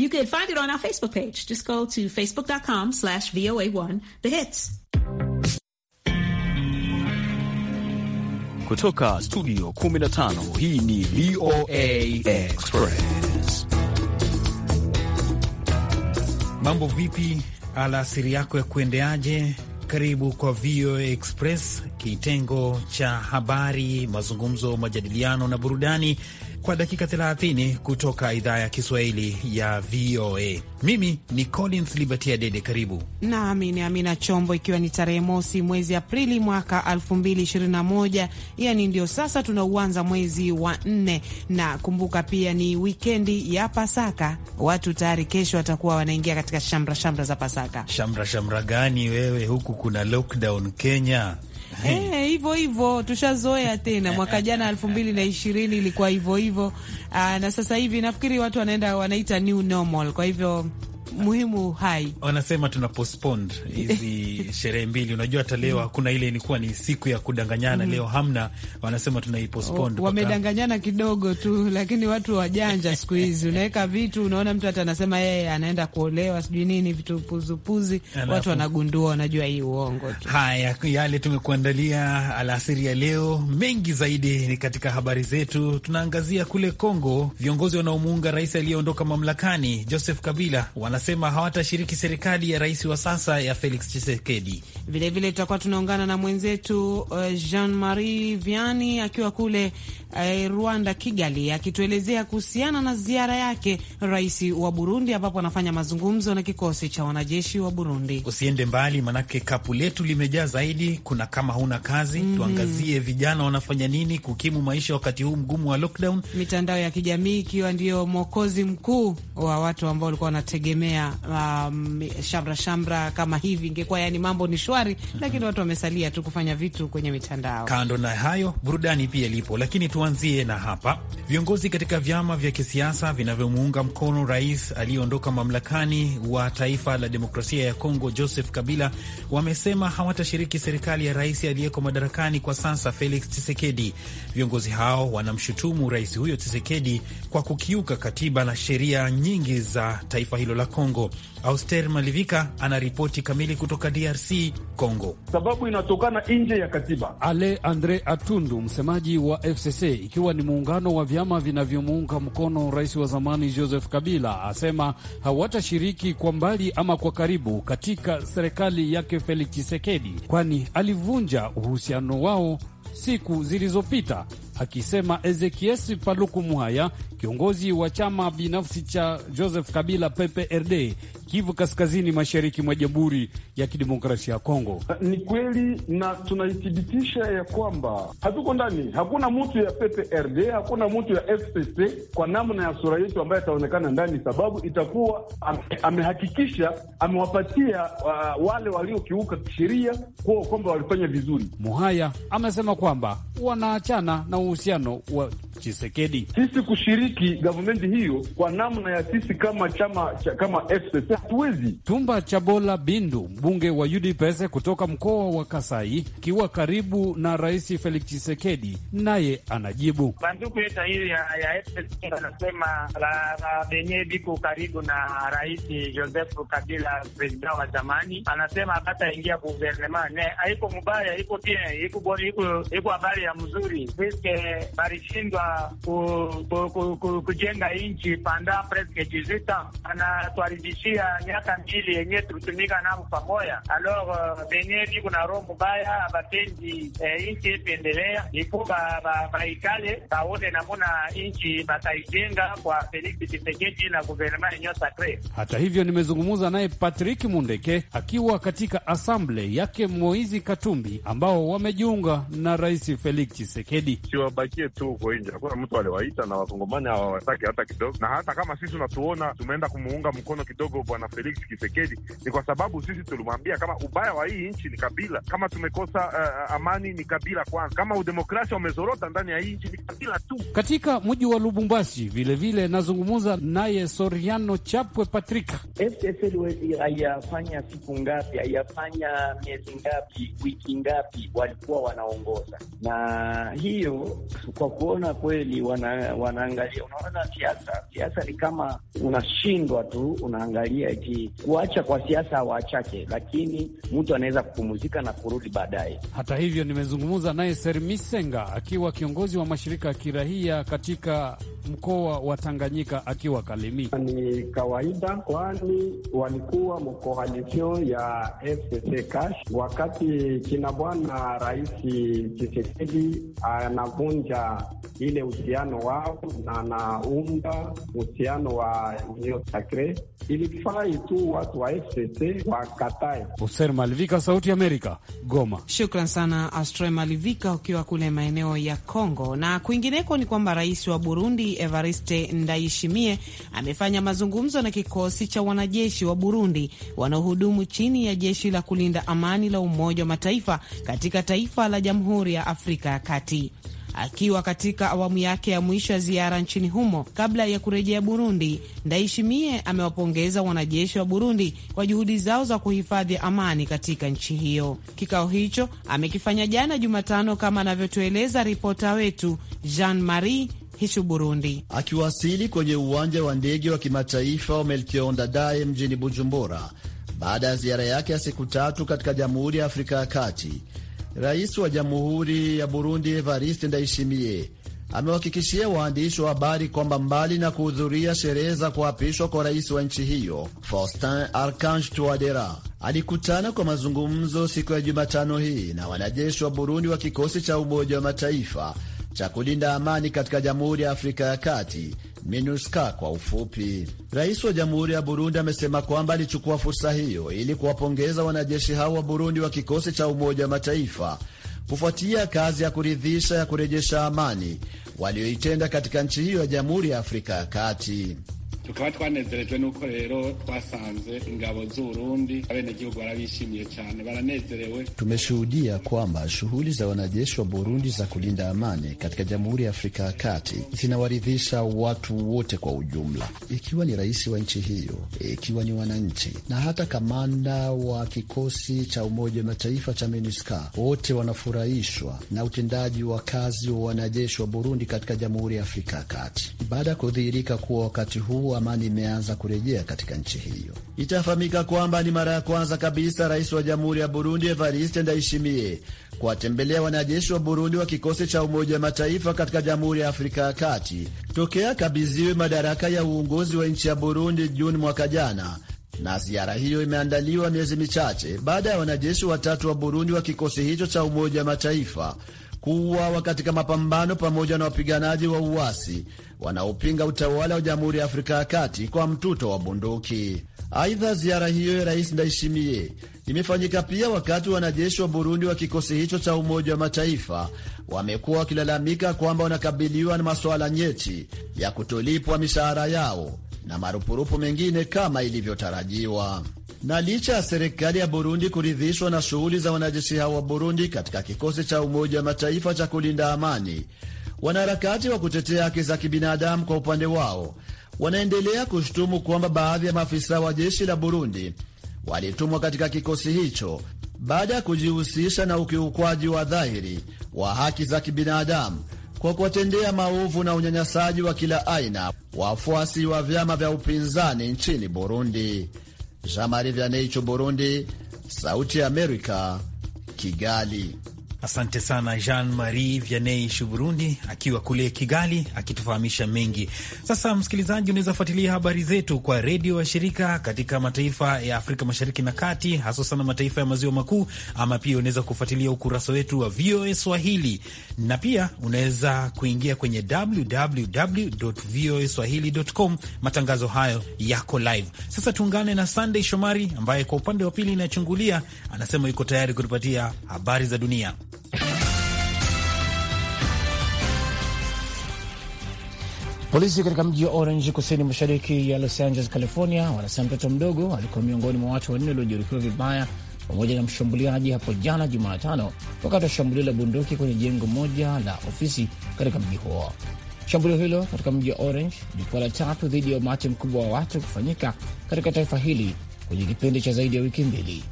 You could find it on our Facebook page. Just go to facebook.com slash VOA1 The Hits. Kutoka studio 15 hii ni VOA Express. Mambo vipi? Alasiri yako ya kuendeaje? Karibu kwa VOA Express, kitengo cha habari, mazungumzo, majadiliano na burudani kwa dakika 30 kutoka idhaa ya Kiswahili ya VOA. Mimi ni Collins Libertia Dede, karibu nami ni Amina Chombo, ikiwa ni tarehe mosi mwezi Aprili mwaka 2021, yani ndio sasa tunauanza mwezi wa nne, na kumbuka pia ni wikendi ya Pasaka. Watu tayari kesho watakuwa wanaingia katika shamra shamra za Pasaka. Shamra shamra gani wewe? Huku kuna lockdown Kenya hivo eh, hey, tushazoea tena. Mwaka jana elfu mbili na ishirini ilikuwa hivo hivo ah, na sasa hivi nafikiri watu wanaenda wanaita new normal, kwa hivyo muhimu hai. Wanasema tuna postpone hizi sherehe mbili, unajua hata leo mm. hakuna ile, ilikuwa ni siku ya kudanganyana mm. Leo hamna, wanasema tuna tunaipostpone. Oh, wamedanganyana kidogo tu, lakini watu wajanja siku hizi unaweka vitu, unaona mtu hata anasema yeye anaenda kuolewa sijui nini, vitu puzupuzi, watu wanagundua, wanajua hii uongo tu. Haya, yale tumekuandalia alasiri ya leo, mengi zaidi ni katika habari zetu. Tunaangazia kule Kongo, viongozi wanaomuunga rais aliyeondoka mamlakani Joseph Kabila wana wanasema hawatashiriki serikali ya rais wa sasa ya Felix Tshisekedi. Vilevile tutakuwa tunaungana na mwenzetu uh, Jean Marie Viani akiwa kule uh, Rwanda, Kigali, akituelezea kuhusiana na ziara yake rais wa Burundi, ambapo anafanya mazungumzo na kikosi cha wanajeshi wa Burundi. Usiende mbali, manake kapu letu limejaa zaidi. Kuna kama huna kazi mm -hmm. Tuangazie vijana wanafanya nini kukimu maisha wakati huu mgumu wa lockdown, mitandao ya kijamii ikiwa ndio mwokozi mkuu wa watu ambao walikuwa wanategemea kutegemea um, shamra shamra kama hivi, ingekuwa yani mambo ni shwari mm -hmm. Lakini watu wamesalia tu kufanya vitu kwenye mitandao. Kando na hayo, burudani pia lipo, lakini tuanzie na hapa. Viongozi katika vyama vya kisiasa vinavyomuunga mkono rais aliyeondoka mamlakani wa taifa la demokrasia ya Kongo Joseph Kabila wamesema hawatashiriki serikali ya rais aliyeko madarakani kwa sasa Felix Tshisekedi. Viongozi hao wanamshutumu rais huyo Tshisekedi kwa kukiuka katiba na sheria nyingi za taifa hilo la Kongo. Kongo. Auster Malivika anaripoti kamili kutoka DRC Kongo. Sababu inatokana nje ya katiba. Ale Andre Atundu, msemaji wa FCC, ikiwa ni muungano wa vyama vinavyomuunga mkono rais wa zamani Joseph Kabila, asema hawatashiriki kwa mbali ama kwa karibu katika serikali yake Felix chisekedi kwani alivunja uhusiano wao siku zilizopita, akisema ezekies Paluku Muhaya, kiongozi wa chama binafsi cha Joseph Kabila PPRD, Kivu Kaskazini, mashariki mwa Jamhuri ya Kidemokrasia ya Kongo. Ni kweli na tunaithibitisha ya kwamba hatuko ndani, hakuna mtu ya PPRD, hakuna mtu ya FCC kwa namna ya sura yetu ambaye ataonekana ndani, sababu itakuwa amehakikisha amewapatia uh, wale waliokiuka sheria kuwa kwamba walifanya vizuri. Muhaya amesema kwamba wanaachana na uhusiano wa Chisekedi. Sisi kushiriki gavumenti hiyo kwa namna ya sisi kama chama cha, kama FCC hatuwezi. Tumba Chabola Bindu, mbunge wa UDPS kutoka mkoa wa Kasai, akiwa karibu na Rais Felix chisekedi naye anajibu banduku yeta hili ya, ya anasema venyewe viko karibu na Rais Joseph Kabila, president wa zamani, anasema akataingia guvernema ne aiko mubaya, iko bien, iko habari ya mzuri iske barishindwa kujenga nchi panda 18 ans anatuharibishia miaka mbili yenye tulitumika navo pamoja. Alors euh, benye viko na roho mubaya abapendi eh, nchi ependelea iko baikale baone namuna nchi bataijenga kwa Felix Tshisekedi na guvernema yenye sacre. Hata hivyo, nimezungumza naye Patrick Mundeke akiwa katika asamble yake Moizi Katumbi ambao wamejiunga na Rais Felix Tshisekedi. Siwabakie tu huko nje, hakuna mtu aliwaita na wakongomani hawawataki hata kidogo, na hata kama sisi unatuona tumeenda kumuunga mkono kidogo bwana na Felix Tshisekedi ni kwa sababu sisi tulimwambia kama ubaya wa hii nchi ni Kabila, kama tumekosa uh, amani ni Kabila kwanza, kama udemokrasia umezorota ndani ya hii nchi ni Kabila tu. Katika mji wa Lubumbashi vilevile nazungumza naye Soriano Chapwe Patrika. E haiyafanya siku ngapi, haiyafanya miezi ngapi, wiki ngapi walikuwa wanaongoza, na hiyo kwa kuona kweli wana, wanaangalia. Unaona siasa siasa ni kama unashindwa tu, unaangalia eti eh, kuacha kwa siasa wachache, lakini mtu anaweza kupumzika na kurudi baadaye. Hata hivyo, nimezungumza naye Sermisenga akiwa kiongozi wa mashirika ya kirahia katika mkoa wa Tanganyika akiwa Kalemi. Ni kawaida, kwani walikuwa mkoalisio ya FCC Cash wakati kina bwana Rais Chisekedi anavunja ile uhusiano wao na anaunda uhusiano wa Union Sacre ilifaa hawafai tu watu wa FCT wakatae. Hoser Malivika, Sauti ya Amerika, Goma. Shukran sana Astre Malivika ukiwa kule maeneo ya congo Na kwingineko ni kwamba rais wa Burundi Evariste Ndayishimiye amefanya mazungumzo na kikosi cha wanajeshi wa Burundi wanaohudumu chini ya jeshi la kulinda amani la Umoja wa Mataifa katika taifa la Jamhuri ya Afrika ya Kati akiwa katika awamu yake ya mwisho ya ziara nchini humo kabla ya kurejea Burundi. Ndaishimie amewapongeza wanajeshi wa Burundi kwa juhudi zao za kuhifadhi amani katika nchi hiyo. Kikao hicho amekifanya jana Jumatano, kama anavyotueleza ripota wetu Jean Marie Hishu Burundi. Akiwasili kwenye uwanja wa ndege wa kimataifa wa Melchior Ndadaye mjini Bujumbura baada ya ziara yake ya siku tatu katika Jamhuri ya Afrika ya Kati, Rais wa Jamhuri ya Burundi Evariste Ndayishimiye amewahakikishia waandishi wa habari kwamba mbali na kuhudhuria sherehe za kuapishwa kwa rais wa nchi hiyo Faustin Archange Touadera, alikutana kwa mazungumzo siku ya Jumatano hii na wanajeshi wa Burundi wa kikosi cha Umoja wa Mataifa cha kulinda amani katika Jamhuri ya Afrika ya Kati, MINUSCA kwa ufupi. Rais wa Jamhuri ya Burundi amesema kwamba alichukua fursa hiyo ili kuwapongeza wanajeshi hao wa Burundi wa kikosi cha Umoja wa Mataifa kufuatia kazi ya kuridhisha ya kurejesha amani walioitenda katika nchi hiyo ya Jamhuri ya Afrika ya Kati tukaba twanezerejwe n'uko rero twasanze ingabo z'Uburundi abenegihugu barabishimiye cyane, baranezerewe. Tumeshuhudia kwamba shughuli za wanajeshi wa Burundi za kulinda amani katika Jamhuri ya Afrika ya Kati zinawaridhisha watu wote kwa ujumla, ikiwa ni rais wa nchi hiyo, ikiwa ni wananchi na hata kamanda wa kikosi cha Umoja wa Mataifa cha MINUSCA, wote wanafurahishwa na utendaji wa kazi wa wanajeshi wa Burundi katika Jamhuri ya Afrika ya Kati baada ya kudhihirika kuwa wakati huu amani imeanza kurejea katika nchi hiyo. Itafahamika kwamba ni mara ya kwanza kabisa rais wa jamhuri ya Burundi Evariste Ndayishimiye kuwatembelea wanajeshi wa Burundi wa kikosi cha Umoja wa Mataifa katika Jamhuri ya Afrika ya Kati tokea kabidhiwe madaraka ya uongozi wa nchi ya Burundi Juni mwaka jana na ziara hiyo imeandaliwa miezi michache baada ya wanajeshi watatu wa Burundi wa kikosi hicho cha Umoja wa Mataifa kuuawa katika mapambano pamoja na wapiganaji wa uasi wanaopinga utawala wa Jamhuri ya Afrika ya Kati kwa mtuto wa bunduki. Aidha, ziara hiyo ya Rais Ndayishimiye imefanyika pia wakati wanajeshi wa Burundi wa kikosi hicho cha Umoja wa Mataifa wamekuwa wakilalamika kwamba wanakabiliwa na masuala nyeti ya kutolipwa mishahara yao na marupurupu mengine kama ilivyotarajiwa. Na licha ya serikali ya Burundi kuridhishwa na shughuli za wanajeshi hao wa Burundi katika kikosi cha Umoja wa Mataifa cha kulinda amani, wanaharakati wa kutetea haki za kibinadamu kwa upande wao wanaendelea kushutumu kwamba baadhi ya maafisa wa jeshi la Burundi walitumwa katika kikosi hicho baada ya kujihusisha na ukiukwaji wa dhahiri wa haki za kibinadamu kwa kuwatendea maovu na unyanyasaji wa kila aina wafuasi wa vyama vya upinzani nchini Burundi. Jean Marie Vianney Burundi, Sauti ya Amerika, Kigali. Asante sana Jean Marie Vianney Shuburundi akiwa kule Kigali akitufahamisha mengi. Sasa msikilizaji, unaweza fuatilia habari zetu kwa redio ya shirika katika mataifa ya Afrika Mashariki na Kati, hasa sana mataifa ya maziwa makuu, ama pia unaweza kufuatilia ukurasa wetu wa VOA Swahili, na pia unaweza kuingia kwenye www voa www.voaswahili.com. Matangazo hayo yako live. Sasa tuungane na Sandey Shomari ambaye kwa upande wa pili inachungulia, anasema yuko tayari kutupatia habari za dunia. Polisi katika mji wa Orange kusini mashariki ya Los Angeles, California, wanasema mtoto mdogo alikuwa miongoni mwa watu wanne waliojeruhiwa vibaya pamoja na mshambuliaji hapo jana Jumatano wakati wa shambulio la bunduki kwenye jengo moja la ofisi katika mji huo. Shambulio hilo katika mji wa Orange lilikuwa la tatu dhidi ya umati mkubwa wa watu kufanyika katika taifa hili kwenye kipindi cha zaidi ya wiki mbili.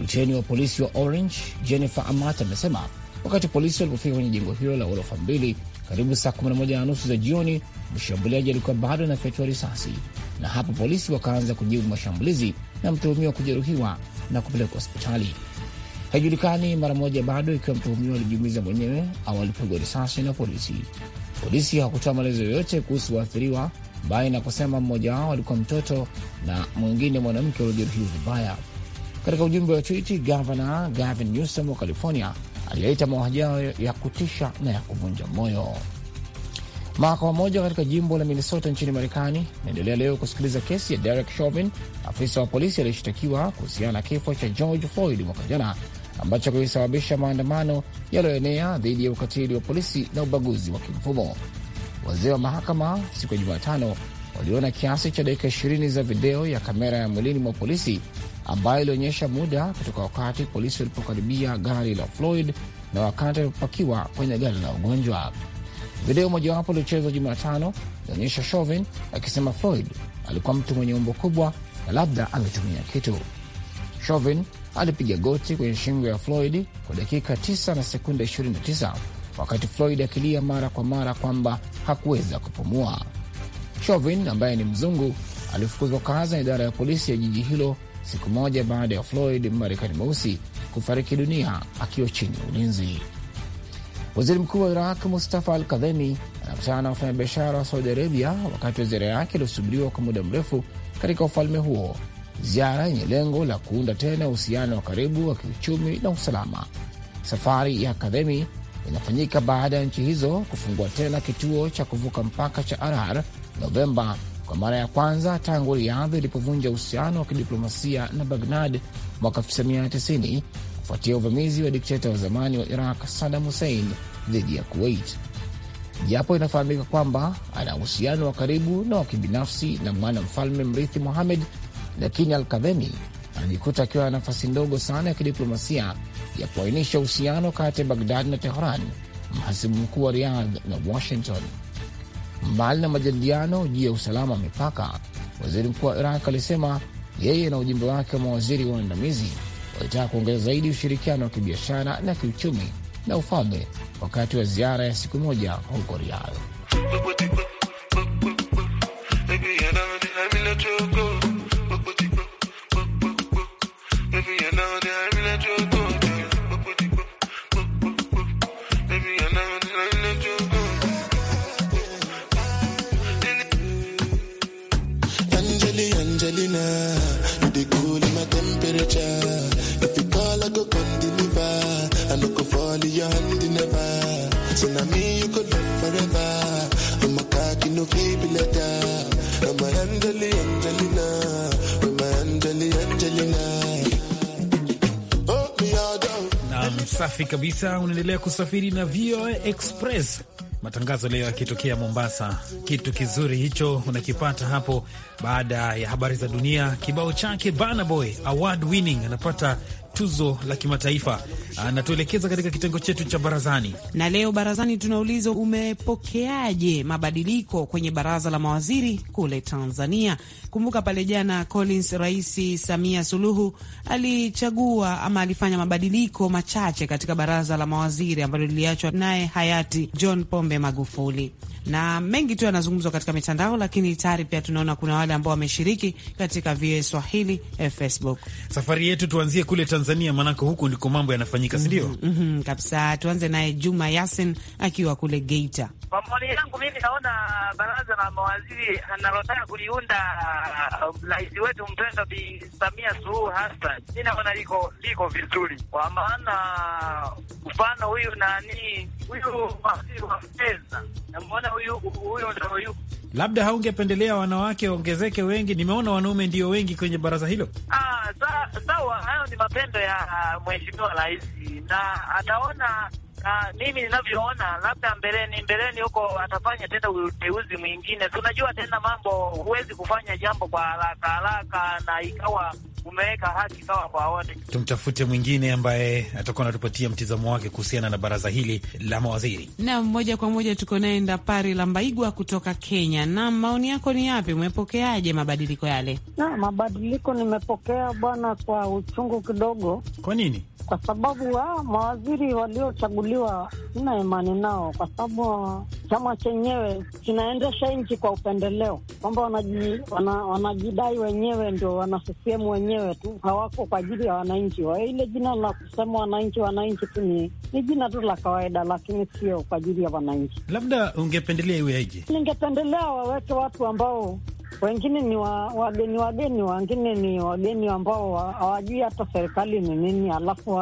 Luteni wa polisi wa Orange Jennifer Amat amesema wakati polisi walipofika kwenye jengo hilo la ghorofa mbili karibu saa 11 na nusu za jioni, mshambuliaji alikuwa bado anafyatua risasi, na hapo polisi wakaanza kujibu mashambulizi na mtuhumiwa kujeruhiwa na kupelekwa hospitali. Haijulikani mara moja bado ikiwa mtuhumiwa alijiumiza mwenyewe au alipigwa risasi na polisi. Polisi hakutoa maelezo yoyote kuhusu waathiriwa, ambaye na kusema mmoja wao alikuwa mtoto na mwingine mwanamke waliojeruhiwa vibaya. Katika ujumbe wa twiti, gavana Gavin Newsom wa California aliyeita mauajiano ya kutisha na ya kuvunja moyo. Mahakama moja katika jimbo la Minnesota nchini Marekani inaendelea leo kusikiliza kesi ya Derek Chauvin, afisa wa polisi aliyeshtakiwa kuhusiana na kifo cha George Floyd mwaka jana ambacho kilisababisha maandamano yaliyoenea dhidi ya ukatili wa polisi na ubaguzi wa kimfumo. Wazee wa mahakama siku ya Jumatano waliona kiasi cha dakika ishirini za video ya kamera ya mwilini mwa polisi ambayo ilionyesha muda kutoka wakati polisi walipokaribia gari la Floyd na wakati alipopakiwa kwenye gari la ugonjwa. Video mojawapo iliochezwa Jumatano ilionyesha Chauvin akisema Floyd alikuwa mtu mwenye umbo kubwa na labda ametumia kitu. Chauvin alipiga goti kwenye shingo ya Floyd kwa dakika 9 na sekunde 29 wakati Floyd akilia mara kwa mara kwamba hakuweza kupumua. Chauvin ambaye ni mzungu alifukuzwa kazi na idara ya polisi ya jiji hilo siku moja baada ya Floyd Marekani mweusi kufariki dunia akiwa chini ya ulinzi. Waziri mkuu wa Iraq Mustafa Al Kadhemi anakutana na wafanyabiashara wa Saudi Arabia wakati wa ziara yake iliyosubiriwa kwa muda mrefu katika ufalme huo, ziara yenye lengo la kuunda tena uhusiano wa karibu wa kiuchumi na usalama. Safari ya Kadhemi inafanyika baada ya nchi hizo kufungua tena kituo cha kuvuka mpaka cha Arar Novemba kwa mara ya kwanza tangu Riadhi ilipovunja uhusiano wa kidiplomasia na Bagdad mwaka 1990 kufuatia uvamizi wa dikteta wa zamani wa Iraq Saddam Hussein dhidi ya Kuwait. Japo inafahamika kwamba ana uhusiano wa karibu na wa kibinafsi na mwana mfalme mrithi Mohamed, lakini Alkadhemi anajikuta akiwa na nafasi ndogo sana ya kidiplomasia ya kuainisha uhusiano kati ya Bagdad na Tehran, mhasibu mkuu wa riadh na Washington. Mbali na majadiliano juu ya usalama wa mipaka, waziri mkuu wa Iraq alisema yeye na ujumbe wake wa mawaziri waandamizi walitaka kuongeza zaidi ushirikiano wa kibiashara na kiuchumi na ufalme wakati wa ziara ya siku moja huko Riyadh. kabisa, unaendelea kusafiri na VOA Express matangazo leo yakitokea Mombasa. Kitu kizuri hicho unakipata hapo baada ya habari za dunia. Kibao chake banaboy award winning anapata tuzo la kimataifa, anatuelekeza ah, katika kitengo chetu cha barazani. Na leo barazani tunauliza, umepokeaje mabadiliko kwenye baraza la mawaziri kule Tanzania? Kumbuka pale jana Collins, Rais Samia Suluhu alichagua ama alifanya mabadiliko machache katika baraza la mawaziri ambalo liliachwa naye hayati John Pombe Magufuli na mengi tu yanazungumzwa katika mitandao, lakini tayari pia tunaona kuna wale ambao wameshiriki katika VOA Swahili eh, Facebook. Safari yetu tuanzie kule Tanzania. Tanzania, maanake huku ndiko mambo yanafanyika, sindio? mm -hmm, mm -hmm, kabisa. Tuanze naye Juma Yasin akiwa kule Geita. Kwa maoni yangu mimi naona baraza la mawaziri analotaka kuliunda uh, rais uh, wetu mpendwa Bi Samia Suluhu Hassan, mi naona liko liko vizuri, kwa maana mfano huyu nani huyu waziri wa fedha namwona huyu huyu ndo huyu labda haungependelea wanawake waongezeke wengi? Nimeona wanaume ndio wengi kwenye baraza hilo. Ah, sawa, hayo ni mapendo maelezo ya mheshimiwa rais, na ataona mimi ninavyoona, labda mbeleni mbeleni huko atafanya tena uteuzi mwingine. Tunajua tena mambo, huwezi kufanya jambo kwa haraka haraka na ikawa umeweka haki sawa kwa wote. Tumtafute mwingine ambaye atakuwa anatupatia mtizamo wake kuhusiana na baraza hili la mawaziri. Naam, moja kwa moja tuko naye Ndapari la mbaigwa kutoka Kenya. Naam, maoni yako ni yapi? Umepokeaje mabadiliko yale? Na mabadiliko nimepokea bwana kwa uchungu kidogo. Kwa nini? Kwa sababu hao mawaziri waliochaguliwa sina imani nao, kwa sababu chama chenyewe kinaendesha nchi kwa upendeleo, kwamba wanajidai wana, wenyewe ndio wana CCM wenyewe wenyewe tu, hawako kwa ajili ya wananchi Ile jina la kusema wananchi wananchi tu ni ni jina tu la kawaida, lakini sio kwa ajili ya wananchi. Labda ungependelea iwe aje? Ningependelea waweke watu ambao wengine ni wageni wageni, wengine ni wageni ambao hawajui hata serikali ni nini, alafu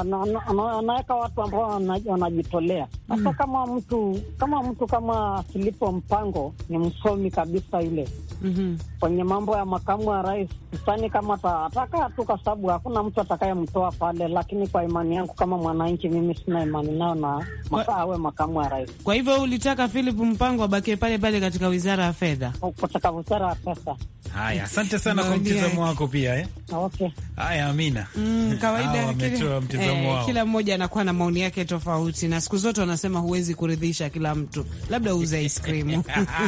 anaweka watu ambao wanajitolea. mm. kama mtu kama mtu kama Filipo Mpango ni msomi kabisa yule Mm -hmm. Kwenye mambo ya makamu ya rais sani kama atakaa tu, kwa sababu hakuna mtu atakayemtoa pale, lakini kwa imani yangu kama mwananchi, mimi sina imani nao na makaa awe makamu ya rais. Kwa hivyo ulitaka Philip Mpango abakie pale pale katika wizara ya fedha, katika wizara ya pesa kabisa. Haya, asante sana kwa mtizamo wako pia eh? Okay. Haya, Amina. Mm, kawaida eh, kila mmoja anakuwa na maoni yake tofauti, na siku zote wanasema huwezi kuridhisha kila mtu, labda uuze ice cream.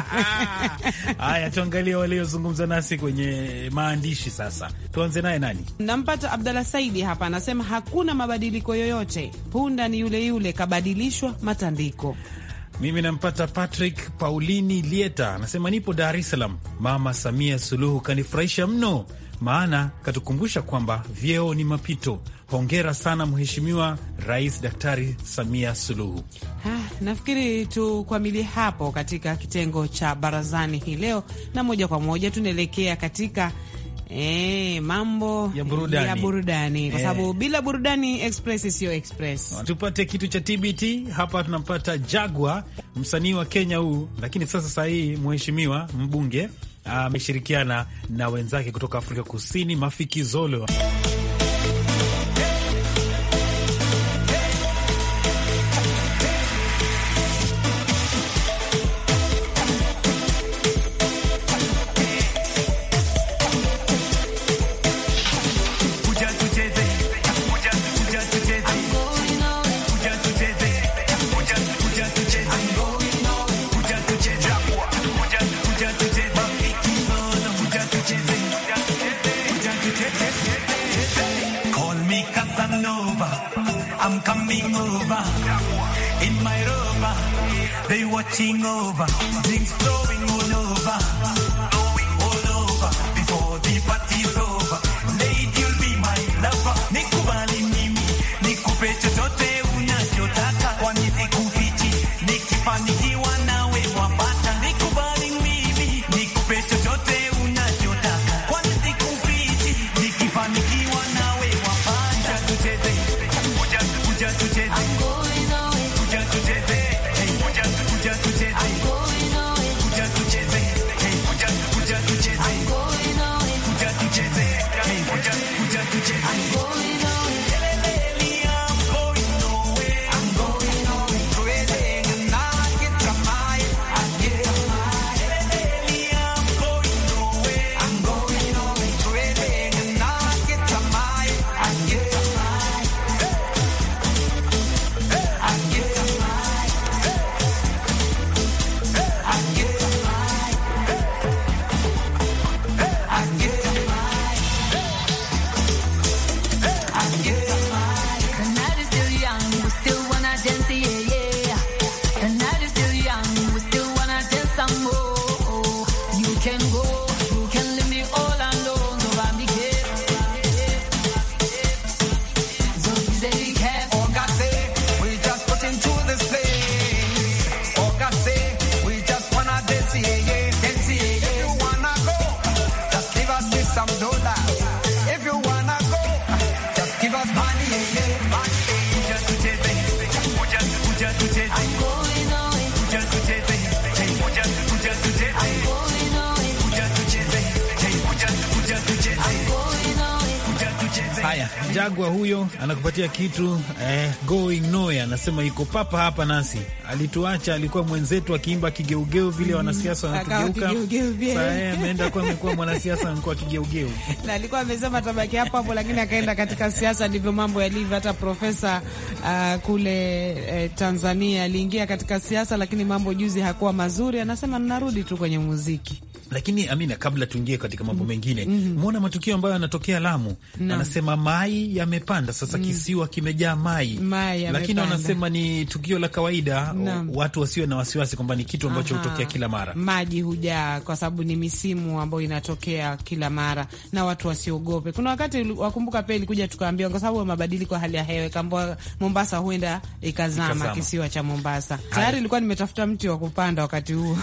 Haya, tuangalie waliozungumza nasi kwenye maandishi sasa. Tuanze naye nani? Nampata Abdalla Saidi hapa, anasema hakuna mabadiliko yoyote, punda ni yule yule, kabadilishwa matandiko. Mimi nampata Patrick Paulini Lieta, anasema nipo Dar es Salaam. Mama Samia Suluhu kanifurahisha mno, maana katukumbusha kwamba vyeo ni mapito. Hongera sana Mheshimiwa Rais Daktari Samia Suluhu. Ha, nafikiri tukwamilie hapo katika kitengo cha barazani hii leo, na moja kwa moja tunaelekea katika E, mambo ya burudani, ya burudani. Kwa eh. sababu e, bila burudani express sio express. Tupate kitu cha TBT hapa, tunampata Jagwa, msanii wa Kenya huu, lakini sasa hii mheshimiwa mbunge ameshirikiana na wenzake kutoka Afrika Kusini, Mafikizolo 逐渐。Jagwa huyo anakupatia kitu eh, going nowhere. Anasema iko papa hapa nasi, alituacha alikuwa mwenzetu akiimba kigeugeu vile mm, wanasiasa wanatugeuka. Sasa eh, ameenda kwa amekuwa mwanasiasa amekuwa kigeugeu, na alikuwa amesema tabaki hapo hapo, lakini akaenda katika siasa. Ndivyo mambo yalivyo. Hata profesa uh, kule eh, Tanzania aliingia katika siasa, lakini mambo juzi hakuwa mazuri. Anasema ninarudi tu kwenye muziki. Lakini Amina, kabla tuingie katika mambo mm-hmm. mengine, mwona mm-hmm. matukio ambayo yanatokea Lamu. Anasema mai yamepanda sasa, mm. kisiwa kimejaa mai, lakini wanasema ni tukio la kawaida, watu wasiwe na wasiwasi kwamba ni kitu ambacho hutokea kila mara. Maji hujaa kwa sababu ni misimu ambayo inatokea kila mara, na watu wasiogope. Kuna wakati wakumbuka pia ilikuja tukaambiwa kwa sababu mabadiliko hali ya hewa, kamba Mombasa huenda ikazama, kisiwa cha Mombasa tayari ilikuwa nimetafuta mti wa kupanda wakati huo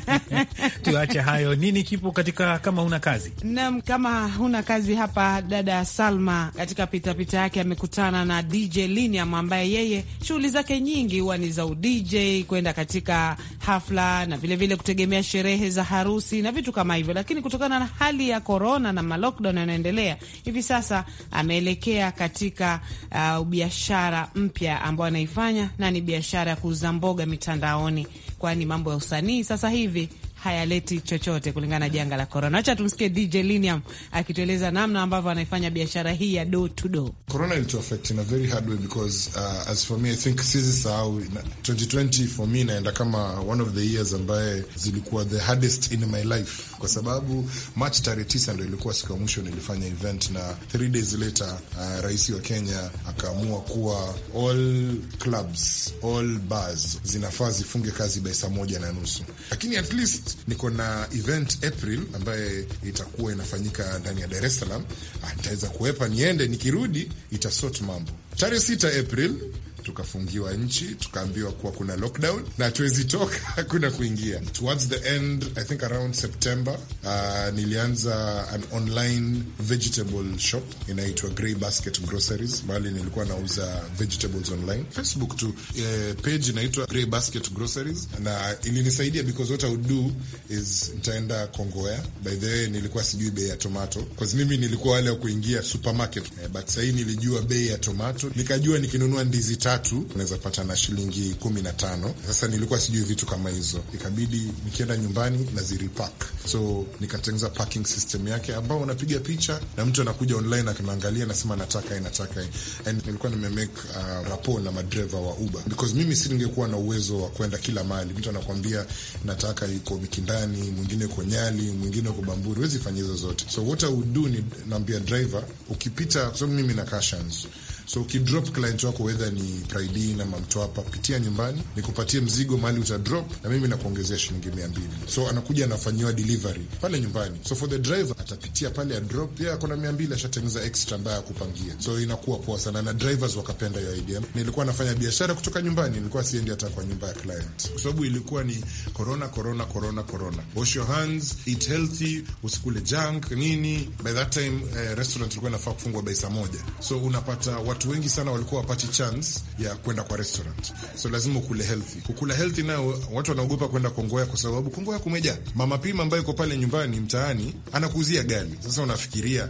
tuache hayo. Nini kipo katika kama huna kazi? Naam, kama huna kazi hapa, dada Salma katika pitapita yake amekutana na DJ Liniam ambaye yeye shughuli zake nyingi huwa ni za udj kwenda katika hafla na vilevile vile kutegemea sherehe za harusi na vitu kama hivyo, lakini kutokana na hali ya korona na malockdown yanaendelea hivi sasa, ameelekea katika uh, biashara mpya ambayo anaifanya na ni biashara ya kuuza mboga mitandaoni, kwani mambo ya usanii sasa hivi hayaleti chochote kulingana na janga la korona. Acha tumsikie DJ Liniam akitueleza namna ambavyo anaifanya biashara hii ya do to do. Corona ilitu affect in a very hard way because uh, as for me I think sisi sahau 2020 for me inaenda kama one of the years ambaye zilikuwa the hardest in my life kwa sababu mach tarehe tisa ndo ilikuwa siku ya mwisho nilifanya event, na three days later uh, rais wa Kenya akaamua kuwa all clubs, all bars zinafaa zifunge kazi by saa moja na nusu, lakini at least niko na event April ambaye itakuwa inafanyika ndani ya Dar es Salaam. Ah, nitaweza kuwepa niende, nikirudi itasort mambo tarehe sita April tukafungiwa nchi, tukaambiwa kuwa kuna lockdown na hatuwezi toka, hakuna kuingia. Towards the end I think around September uh, nilianza an online vegetable shop inaitwa Grey Basket Groceries, mahali nilikuwa nauza vegetables online. Facebook tu eh, page inaitwa Grey Basket Groceries na ilinisaidia because what I would do is nitaenda Kongowea. By the way, nilikuwa sijui bei ya tomato because mimi nilikuwa wale wa kuingia supermarket eh, but sahii nilijua bei ya tomato, nikajua nikinunua ndizi tatu tatu unaweza pata na shilingi kumi na tano. Sasa nilikuwa sijui vitu kama hizo, ikabidi nikienda nyumbani na ziripak, so nikatengeza parking system yake ambao unapiga picha na mtu anakuja online akinaangalia, nasema nataka hii nataka hii, and nilikuwa nimemake uh, rapo na madreva wa Uber because mimi singekuwa na uwezo wa kwenda kila mahali. Mtu anakwambia nataka iko Mikindani, mwingine uko Nyali, mwingine uko Bamburi, huwezi fanya hizo zote. So what I would do ni naambia driver, ukipita kwa sababu mimi na cashans So ukidrop client wako wedha ni Praidin ama Mtwapa, pitia nyumbani nikupatie mzigo mahali utadrop, na mimi nakuongezea shilingi mia mbili. So anakuja anafanyiwa delivery pale nyumbani. So for the driver atapitia pale ya adrop ya kona mia mbili, ashatengeneza extra ambayo kupangia. So inakuwa poa sana, na drivers wakapenda hiyo idea. Nilikuwa nafanya biashara kutoka nyumbani, nilikuwa siendi hata kwa nyumba ya client kwa sababu ilikuwa ni corona, corona, corona, corona, wash your hands, eat healthy, usikule junk nini. By that time eh, restaurant ilikuwa inafaa kufungwa by saa moja, so unapata watu watu wengi sana walikuwa wapati chance ya kwenda kwa restaurant, so lazima ukule healthy. Kukula healthy nayo watu wanaogopa kwenda Kongowea kwa sababu Kongowea kumejaa. Mama Pima ambaye iko pale nyumbani mtaani anakuuzia gali. Sasa unafikiria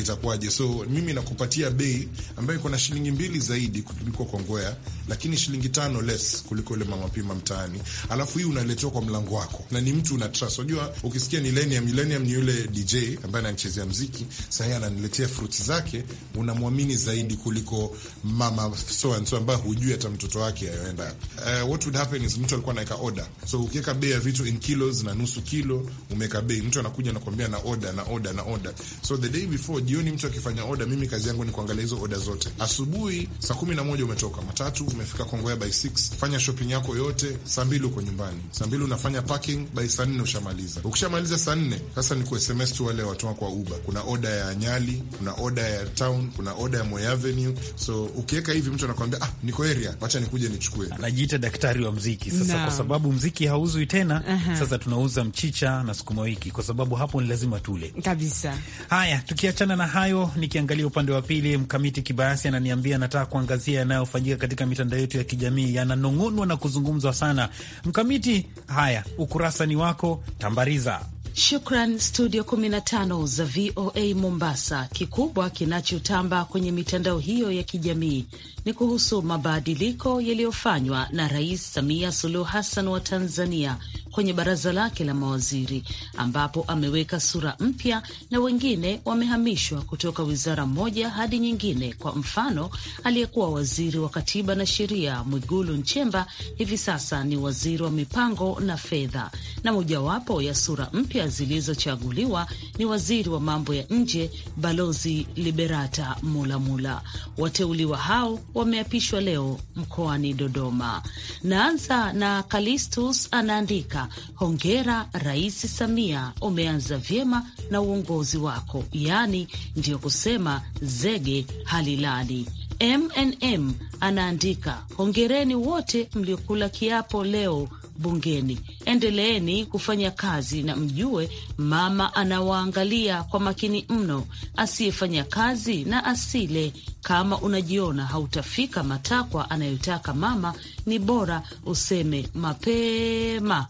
itakuwaje? So mimi nakupatia bei ambayo iko na shilingi mbili zaidi kuliko Kongoya, lakini shilingi tano less kuliko ule mama pima mtaani, alafu hii unaletewa kwa mlango wako na ni mtu una trust. Unajua, ukisikia Millennium, Millennium ni yule DJ ambaye ananichezea mziki, sahii, ananiletea fruits zake, unamwamini zaidi kuliko mama so and so ambaye hujui hata mtoto wake ayoenda. Uh, eh, what would happen is mtu alikuwa anaweka order, so ukiweka bei ya vitu in kilos na nusu kilo, umeweka bei, mtu anakuja anakuambia na order na order na order, so the day before jioni mtu akifanya oda, mimi kazi yangu ni kuangalia hizo oda zote. Asubuhi saa kumi na moja umetoka matatu, umefika Kongowea by 6, fanya shopping yako yote, saa mbili uko nyumbani, saa mbili unafanya parking, by saa nne ushamaliza. Ukishamaliza saa nne sasa ni ku sms tu wale watu kwa wa Uber, kuna oda ya Nyali, kuna oda ya town, kuna oda ya Moy Avenue. So ukiweka hivi mtu anakwambia ah, niko area, wacha nikuje nichukue. Anajiita daktari wa mziki sasa no. Kwa sababu mziki hauzwi tena uh -huh. Sasa tunauza mchicha na sukuma wiki kwa sababu hapo ni lazima tule kabisa. Haya, tukia Tukiachana na hayo, nikiangalia upande wa pili, Mkamiti Kibayasi ananiambia anataka kuangazia yanayofanyika katika mitandao yetu ya kijamii, yananong'onwa na kuzungumzwa sana. Mkamiti, haya, ukurasa ni wako, tambariza. Shukran studio 15 za VOA Mombasa. Kikubwa kinachotamba kwenye mitandao hiyo ya kijamii ni kuhusu mabadiliko yaliyofanywa na Rais Samia Suluhu Hassan wa Tanzania kwenye baraza lake la mawaziri ambapo ameweka sura mpya na wengine wamehamishwa kutoka wizara moja hadi nyingine. Kwa mfano, aliyekuwa waziri wa katiba na sheria Mwigulu Nchemba hivi sasa ni waziri wa mipango na fedha, na mojawapo ya sura mpya zilizochaguliwa ni waziri wa mambo ya nje Balozi Liberata Mulamula. Wateuliwa hao wameapishwa leo mkoani Dodoma. Naanza na Kalistus anaandika hongera Rais Samia, umeanza vyema na uongozi wako, yaani ndiyo kusema zege halilali. MNM anaandika hongereni wote mliokula kiapo leo bungeni. Endeleeni kufanya kazi na mjue mama anawaangalia kwa makini mno. Asiyefanya kazi na asile. Kama unajiona hautafika matakwa anayotaka mama, ni bora useme mapema.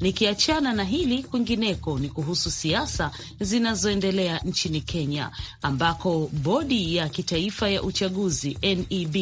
Nikiachana na hili, kwingineko ni kuhusu siasa zinazoendelea nchini Kenya, ambako bodi ya kitaifa ya uchaguzi NEB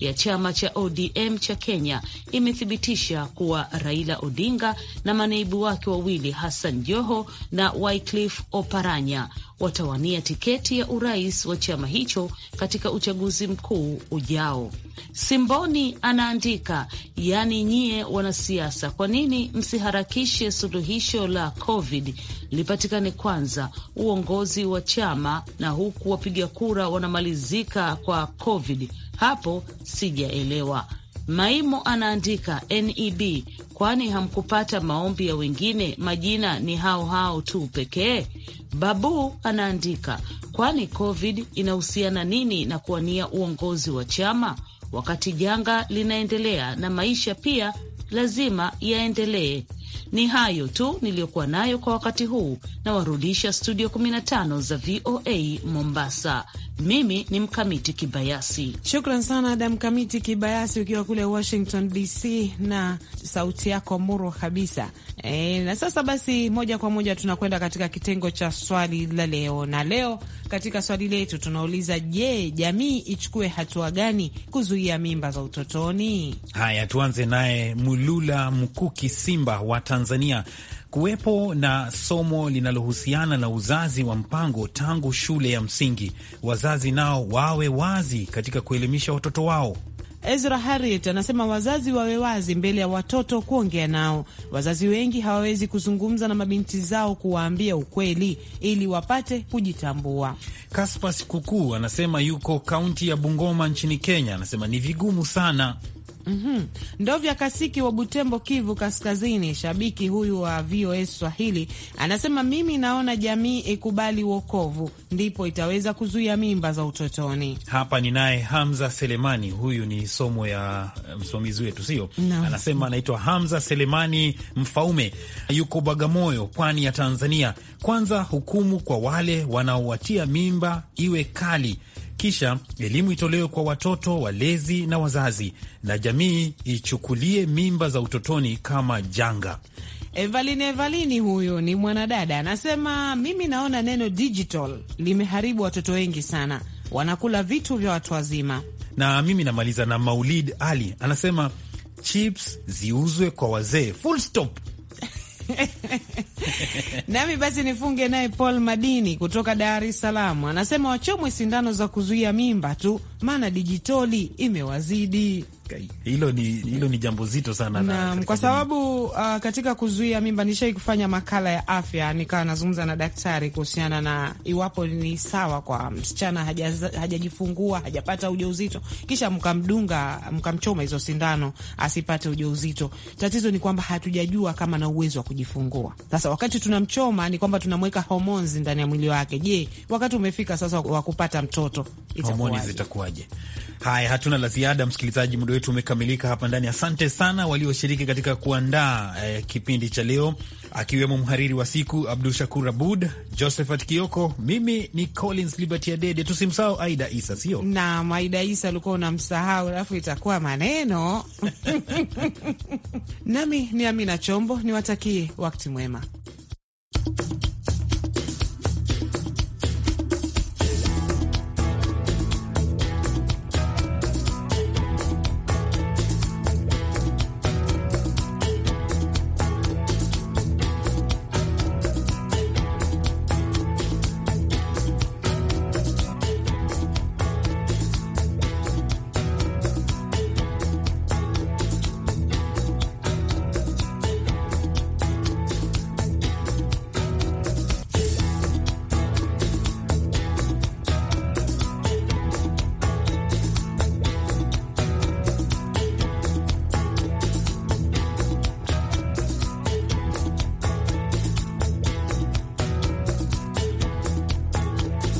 ya chama cha ODM cha Kenya imethibitisha kuwa Raila Odinga na manaibu wake wawili Hassan Joho na Wycliffe Oparanya watawania tiketi ya urais wa chama hicho katika uchaguzi mkuu ujao. Simboni anaandika, yaani nyie wanasiasa, kwa nini msiharakishe suluhisho la COVID lipatikane kwanza, uongozi wa chama, na huku wapiga kura wanamalizika kwa COVID? Hapo sijaelewa. Maimo anaandika NEB, kwani hamkupata maombi ya wengine? Majina ni hao hao tu pekee. Babu anaandika kwani COVID inahusiana nini na kuwania uongozi wa chama wakati janga linaendelea na maisha pia lazima yaendelee? Ni hayo tu niliyokuwa nayo kwa wakati huu, na warudisha studio 15 za VOA Mombasa. Mimi ni Mkamiti Kibayasi. Shukran sana da Mkamiti Kibayasi, ukiwa kule Washington DC na sauti yako murwa kabisa. E, na sasa basi moja kwa moja tunakwenda katika kitengo cha swali la leo, na leo katika swali letu tunauliza, je, jamii ichukue hatua gani kuzuia mimba za utotoni? Haya, tuanze naye Mulula Mkuki Simba wa Tanzania. Kuwepo na somo linalohusiana na uzazi wa mpango tangu shule ya msingi. Wazazi nao wawe wazi katika kuelimisha watoto wao. Ezra Harriet anasema wazazi wawe wazi mbele ya watoto kuongea nao. Wazazi wengi hawawezi kuzungumza na mabinti zao kuwaambia ukweli ili wapate kujitambua. Kaspas kukuu anasema yuko kaunti ya Bungoma nchini Kenya, anasema ni vigumu sana Mm -hmm. Ndovya Kasiki wa Butembo, Kivu Kaskazini, shabiki huyu wa VOA Swahili anasema, mimi naona jamii ikubali wokovu, ndipo itaweza kuzuia mimba za utotoni. Hapa ni naye Hamza Selemani, huyu ni somo ya eh, msimamizi wetu, sio no. Anasema anaitwa Hamza Selemani Mfaume, yuko Bagamoyo, pwani ya Tanzania. Kwanza hukumu kwa wale wanaowatia mimba iwe kali kisha elimu itolewe kwa watoto, walezi na wazazi, na jamii ichukulie mimba za utotoni kama janga. Evalini Evalini huyu ni mwanadada, anasema mimi naona neno digital limeharibu watoto wengi sana, wanakula vitu vya watu wazima. Na mimi namaliza na Maulid Ali anasema chips ziuzwe kwa wazee, full stop. Nami basi nifunge naye Paul Madini kutoka Dar es Salaam, anasema wachomwe sindano za kuzuia mimba tu, maana dijitoli imewazidi hilo ni, hilo ni jambo zito sana na, na kwa sababu uh, katika kuzuia mimba nishai kufanya makala ya afya, nikawa nazungumza na daktari kuhusiana na iwapo ni sawa kwa msichana hajajifungua haja hajapata ujauzito kisha mkamdunga mkamchoma hizo sindano asipate ujauzito. Tatizo ni kwamba hatujajua kama na uwezo wa kujifungua. Sasa wakati tunamchoma ni kwamba tunamweka homoni ndani ya mwili wake. Je, wakati umefika sasa wa kupata mtoto, itakuwaje? Haya, hatuna la ziada, msikilizaji, muda wetu umekamilika hapa ndani. Asante sana walioshiriki katika kuandaa eh, kipindi cha leo, akiwemo mhariri wa siku Abdu Shakur Abud, Josephat Kioko, mimi ni Collins Liberty Adede. Tusimsahau Aida Isa, sio nam Aida Isa alikuwa unamsahau, alafu itakuwa maneno nami ni Amina Chombo, niwatakie wakati mwema.